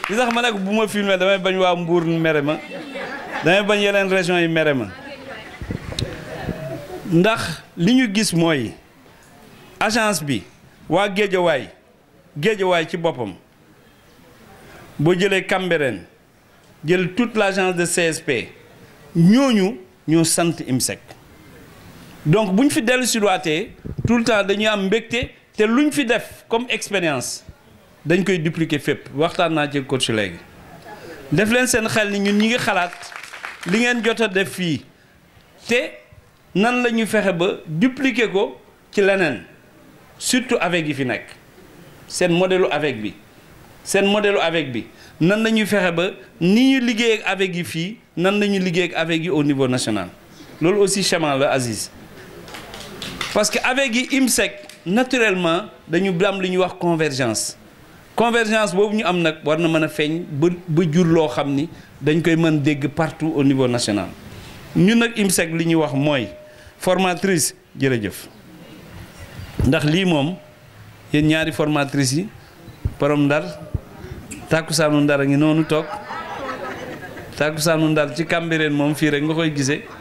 li tax ma nekk bu ma filme damay bañ waa Mbour mere ma damay bañ yeneen région yi mere ma ndax li ñu gis mooy agence bi waa Géejawaay Géejawaay ci boppam boo jëlee Cambérène jël toute l'agence de CSP ñooñu ñoo sant IMSEC donc bu ñu fi dellu si waatee tout le temps dañuy am mbégte te lu ñu fi def comme expérience dañ koy dupliquer fépp waxtaan naa ci coach léegi. def leen seen xel ni ñun ñi ngi xalaat li ngeen jot a def fii te nan la ñuy fexe ba dupliquer ko ci leneen surtout avec yi fi nekk seen modèle avec bi seen modèle avec bi. nan la ñuy fexe ba ni ñu liggéey ak avec yi fii nan la ñuy liggéey ak avec yi au niveau national loolu aussi chemin la Aziz parce que avec yi IMSEC naturellement dañu am li ñuy wax convergence convergence boobu ñu am nag war na mën a feeñ ba jur loo xam ni dañ koy mën dégg partout au niveau national ñun nag IMSEC li ñuy wax mooy formatrice jërëjëf ndax lii moom yéen ñaari formatrice yi borom Ndar tàkkusaanu ndar a ngi noonu toog tàkkusaanu ndar ci Cambérène moom fii rek nga koy gisee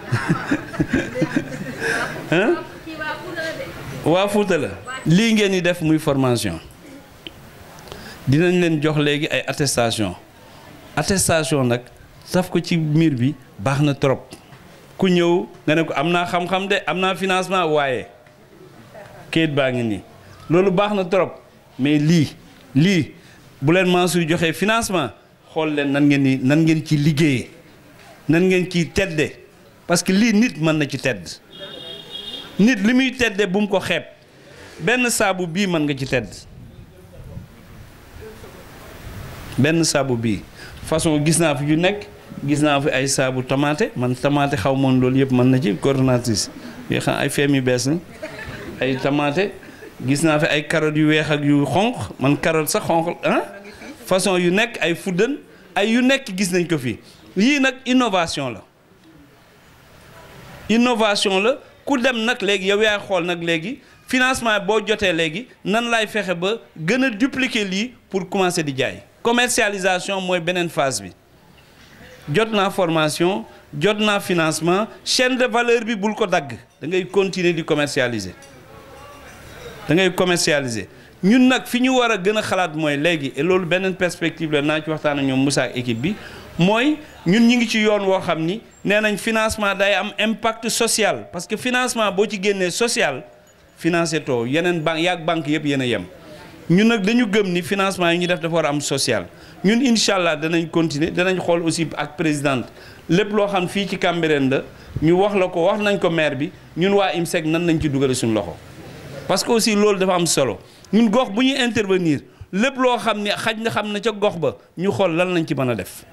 waa Fuuta la lii ngeen di def muy formation dinañ leen jox léegi ay attestation attestation nag taf ko ci miir bi baax na trop ku ñëw nga ne ko am naa xam-xam de am naa financement waaye kayit baa ngi nii loolu baax na trop mais lii lii bu leen Mansour joxee financement xool leen nan ngeen ni nan ngeen ci liggéeyee nan ngeen ci tedde parce que lii nit mën na ci tedd nit li muy tedde bu mu ko xeeb benn saabu bii mën nga ci tedd benn saabu bii façon gis naa fi yu nekk gis naa fi ay saabu tamaate man tomate xaw moon loolu yëpp mën na ci coordonnatrice yoo xam ay feem yu bees na ay tomate gis naa fi ay carottes yu weex ak yu xonq man carotte sax xonq façon yu nekk ay fuddën ay yu nekk gis nañ ko fii yii nag innovation la innovation la ku dem nag léegi yow yaay xool nag léegi financement boo jotee léegi nan laay fexe ba gën a dupliquer lii pour commencer di jaay commercialisation mooy beneen phase bi jot naa formation jot naa financement chaîne de valeur bi bul ko dagg dangay ngay di commercialiser da ngay commercialiser ñun nag fi ñu war a gën a xalaat mooy léegi loolu beneen perspective la naa ci waxtaan a ñoom Moussa ak bi mooy ñun ñi ngi ci yoon woo xam ni nee nañ financement day am impact social parce que financement boo ci génnee social financé too yeneen banque yaag banque yëpp yéen a yem ñun nag dañu gëm ni financement yi ñu def dafa war a am social ñun incha allah danañ continuer danañ xool aussi ak présidente lépp loo xam fii ci Cambérène la ñu wax la ko wax nañ ko maire bi ñun waa IMSEC nan nañ ci dugale suñu loxo parce que aussi loolu dafa am solo ñun gox bu ñuy intervenir lépp loo xam ne xaj na xam na ca gox ba ñu xool lan lañ ci mën a def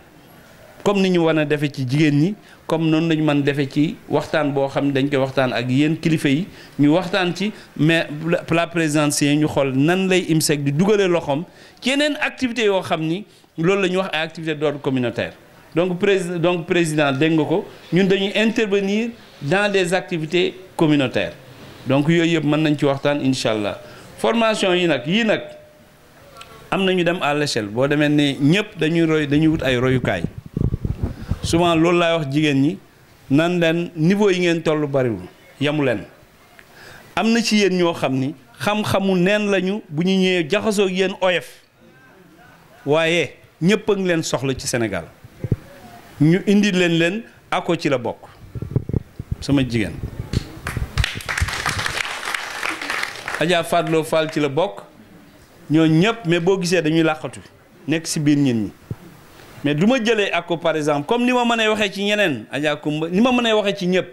comme ni ñu war a defee ci jigéen ñi comme noonu lañu man defe ci waxtaan boo xam ne dañ koy waxtaan ak yéen kilifa yi ñu waxtaan ci mais la présidence ñu xool nan lay IMSEC di dugalee loxoom ci activités yoo xam ni loolu la ñuy wax ay activités communautaire donc président donc président dégg nga ko ñun dañuy intervenir dans des activités communautaire donc yooyu yëpp mën nañ ci waxtaan incha allah formation yi nag yii nag am na ñu dem à l'échelle boo demee ni ñëpp dañuy roy dañuy wut ay royukaay souvent loolu laay wax jigéen ñi nan leen niveau yi ngeen toll bariwul yamu leen am na ci yéen ñoo xam ni xam-xamu neen lañu bu ñu ñëwee jaxasoo ak oyef waaye ñëpp a ngi leen soxla ci senegal ñu indi leen leen ako ci la bokk sama jigéen. Adja Fadlo Fall ci la bokk ñoo ñëpp mais boo gisee dañuy làqatu nekk si biir ñin ñi mais du ma jëlee ko par exemple comme ni ma mënee waxee ci ñeneen Adja Kumba ni ma mënee waxee ci ñëpp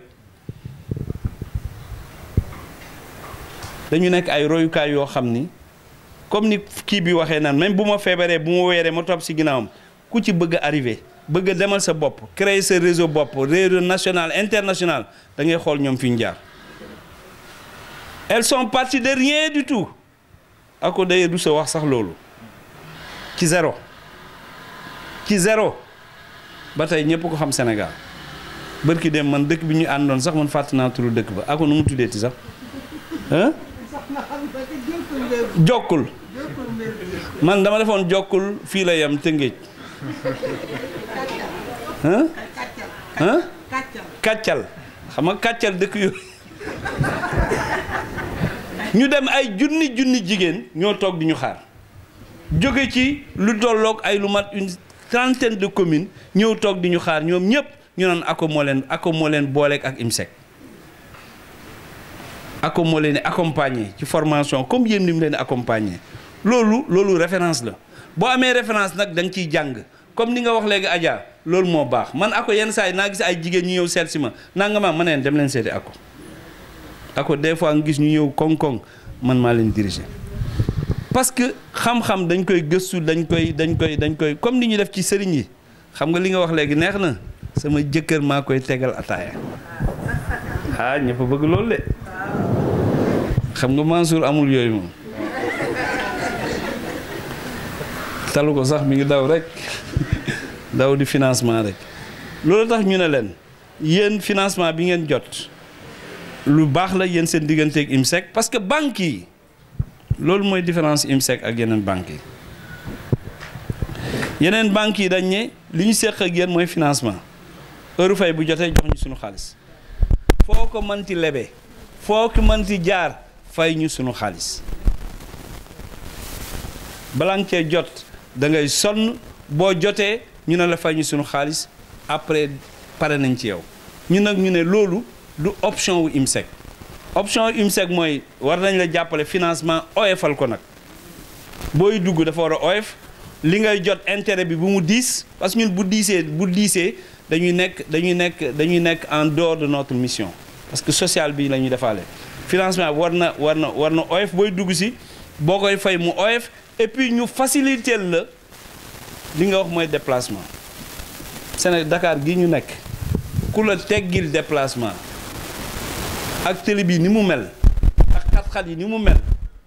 dañu nekk ay royukaay yoo xam ni comme ni kii bi waxee naan même bu ma feebaree bu ma weeree ma topp si ginnaawam ku ci bëgg arriver arrivé bëgg demal sa bopp créer sa réseau bopp réseau nationale international da ngay xool ñoom fi ñu jaar elles son parties de rien du tout ako daye du sa wax sax loolu ci zéro ci zéro ba tey ñëpp ko xam Sénégal bërki dem man dëkk bi ñu àndoon sax man fàtt naa turu dëkk ba ko nu mu tuddee ti sax jokkul man dama defoon jokkul fii la yem Tëngéej ah ah kàccal xam nga kàccal dëkk yooyu ñu dem ay junni junni jigéen ñoo toog di ñu xaar jóge ci lu tolloog ay lu mat une trentaine de commune ñëw toog di ñu xaar ñoom ñëpp ñu naan ako moo leen ako moo leen booleeg ak IMSEC ako moo leen accompagner ci formation comme yéen li mu leen accompagner loolu loolu référence la boo amee référence nag da ciy jàng comme ni nga wax léegi Adja loolu moo baax man ako yenn saa yi naa gis ay jigéen ñu ñëw seet si ma naa nga ma ma neen dem leen ako ako des fois nga gis ñu ñëw koŋ-koŋ man maa leen diriger parce que xam-xam dañ koy gëstu dañ koy dañ koy dañ koy comme ni ñu def ci sëriñ yi xam nga li nga wax léegi neex na sama jëkkër maa koy tegal ataaya ah ñëpp bëgg loolu de xam nga Mansour amul yooyu moom talu ko sax mi ngi daw rek daw di financement rek loolu tax ñu ne leen yéen financement bi ngeen jot lu baax la yéen seen digganteeg IMSEC parce que banque yi loolu mooy différence IMSEC ak yeneen banques yi yeneen banque yi dañ ne li ñu seq ak yéen mooy financement heure fay bu jotee jox ñu suñu xaalis foo ko mënti lebe foo ko mënti jaar fay ñu suñu xaalis balaa cee jot da ngay sonn boo jotee ñu ne la fay ñu suñu xaalis après pare nañ ci yow ñu nag ñu ne loolu. du option wu IMSEC option wu IMSEC mooy war nañ la jàppale financement oyofal ko nag booy dugg dafa war a oyof li ngay jot intérêt bi bu mu diis parce que bu diisee bu diisee dañuy nekk dañuy nekk dañuy nekk en dehors de notre mission parce que social bi la defaale financement war na war war na oyof booy dugg si boo koy fay mu oyof et puis ñu faciliter la li nga wax mooy déplacement Sénégal dakaar gi ñu nekk ku la teggil déplacement ak télé bi ni mu mel ak xat-xat yi ni mu mel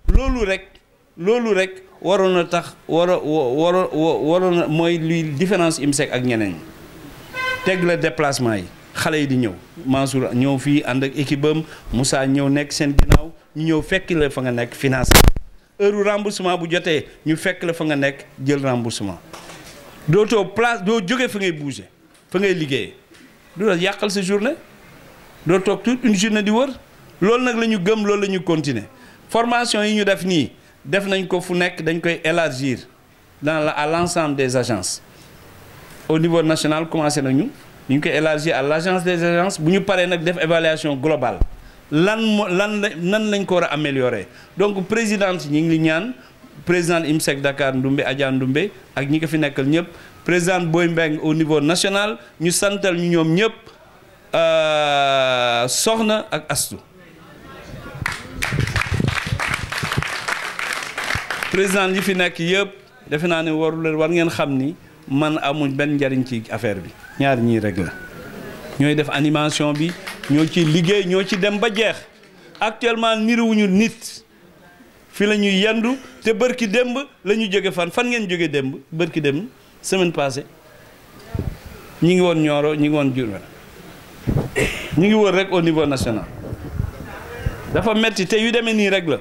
loolu rek loolu rek waroon na tax war a war waroon mooy luy différence IMSEC ak ñeneen ñi teg la déplacement yi xale yi di ñëw Mansour ñëw fii ànd ak équipe am Moussa ñëw nekk seen ginnaaw ñu ñëw fekk la fa nga nekk financé heure remboursement bu jotee ñu fekk la fa nga nekk jël remboursement dootoo place doo jóge fa ngay bouger fa ngay liggéeyee du la yàqal sa journée. doo toog tout une journée di wër loolu nag la ñu gëm loolu la ñu continuer formation yi ñu def nii def nañ ko fu nekk dañ koy élargir dans la à l'ensemble des agences au niveau national commencé nañu ñu koy élargir à l'agence des agences bu ñu paree nag def évaluation globale lan moo lan la nan lañ ko war a améliorer donc présidente ñi ngi ñaan président IMSEC Dakar Ndoumbé Adja Ndoumbé ak ñi ko fi nekkal ñëpp présidente Boy Mbeng au niveau national ñu santal ñu ñoom ñëpp Euh, soxna ak astu président yi fi nekk yëpp defe naa ne waru war ngeen xam ni man amuñ benn njariñ ci affaire bi ñaar ñii rek la ñooy def animation bi ñoo ci liggéey ñoo ci dem ba jeex actuellement niruwuñu nit fi la ñuy yendu te bërki démb la ñu jóge fan fan ngeen jóge démb bërki démb semaine passée ñi ngi woon ñooro ñi ngi woon Diourbel ñu ngi wër rek au niveau national dafa metti te yu demee nii rek la ñu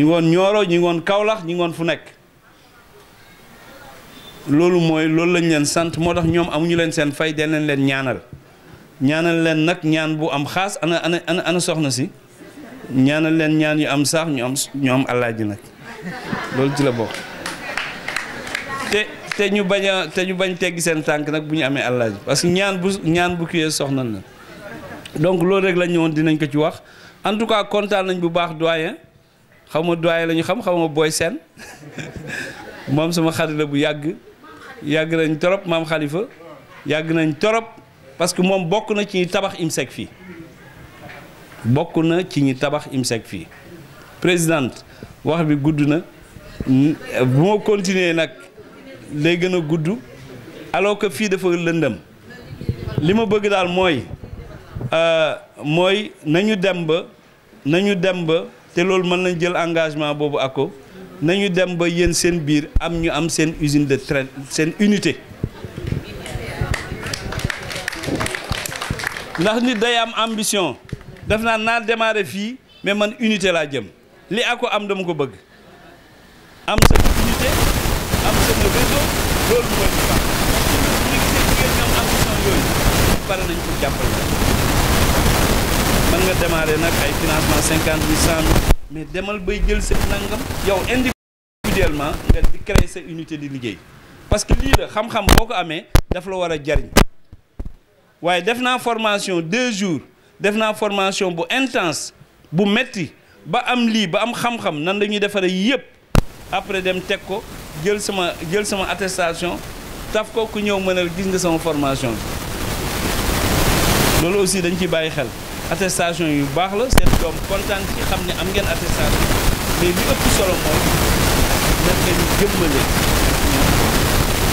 ngi woon Nioro ñu ngi woon Kaolack ñu woon fu nekk loolu mooy loolu lañ leen sant moo tax ñoom amuñu leen seen fay danañ leen ñaanal ñaanal leen nag ñaan bu am xaas ana ana ana soxna si ñaanal leen ñaan yu am saax ñu am ñu am nag loolu ci la bokk te te ñu bañ a te ñu bañ teggi seen tànk nag bu ñu amee alaaji parce que ñaan bu ñaan bu kiyee soxna la. donc loolu rek la ñëwoon dinañ ko ci wax en tout cas kontaan nañ bu baax doyen xaw ma doyen la ñu xam xaw ma Boy Sène moom sama xarit la bu yàgg yàgg nañ trop maam xalifa yàgg nañ torop parce que moom bokk na ci ñi tabax IMSEC fii bokk na ci ñi tabax IMSEC fii présidente wax bi gudd na bu ma continuer nag day gën a gudd alors que fii dafa lëndam li ma bëgg daal mooy. Euh, mooy nañu dem ba nañu dem ba te loolu mën nañ jël engagement boobu ako ko nañu dem ba yéen seen biir am ñu am seen usine de traite seen unité ndax nit day am ambition def naa naa démarrer fii mais man unité laa jëm li ak am dama ko bëgg am seen unité am seen réseau loolu mooy li baax parce nga démarrer nag ay financement cinquante mille cent mille mais demal bay jël sa nangam yow individuellement nga di créer sa unité di liggéey parce que lii la xam-xam boo ko amee daf la war a jariñ waaye def naa formation deux jours def naa formation bu intense bu metti ba am lii ba am xam-xam nan la ñuy defaree yëpp après dem teg ko jël sama jël sama attestation taf ko ñëw mënal gis nga sama formation bi loolu aussi dañ ciy bàyyi xel. atestation yu baax la seen doom kontaan ci xam ne am ngeen attestation mais li ëpp solo mooy nan nga ñu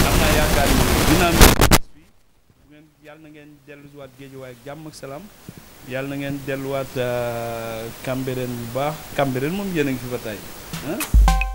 am naa yaakaar ni dinaa ngeen yàlla na ngeen delluwaat géejuwaay ak jàmm ak salaam yàlla na ngeen delluwaat euh, Cambérène bu baax Cambérène moom yéen a ngi fi ba tey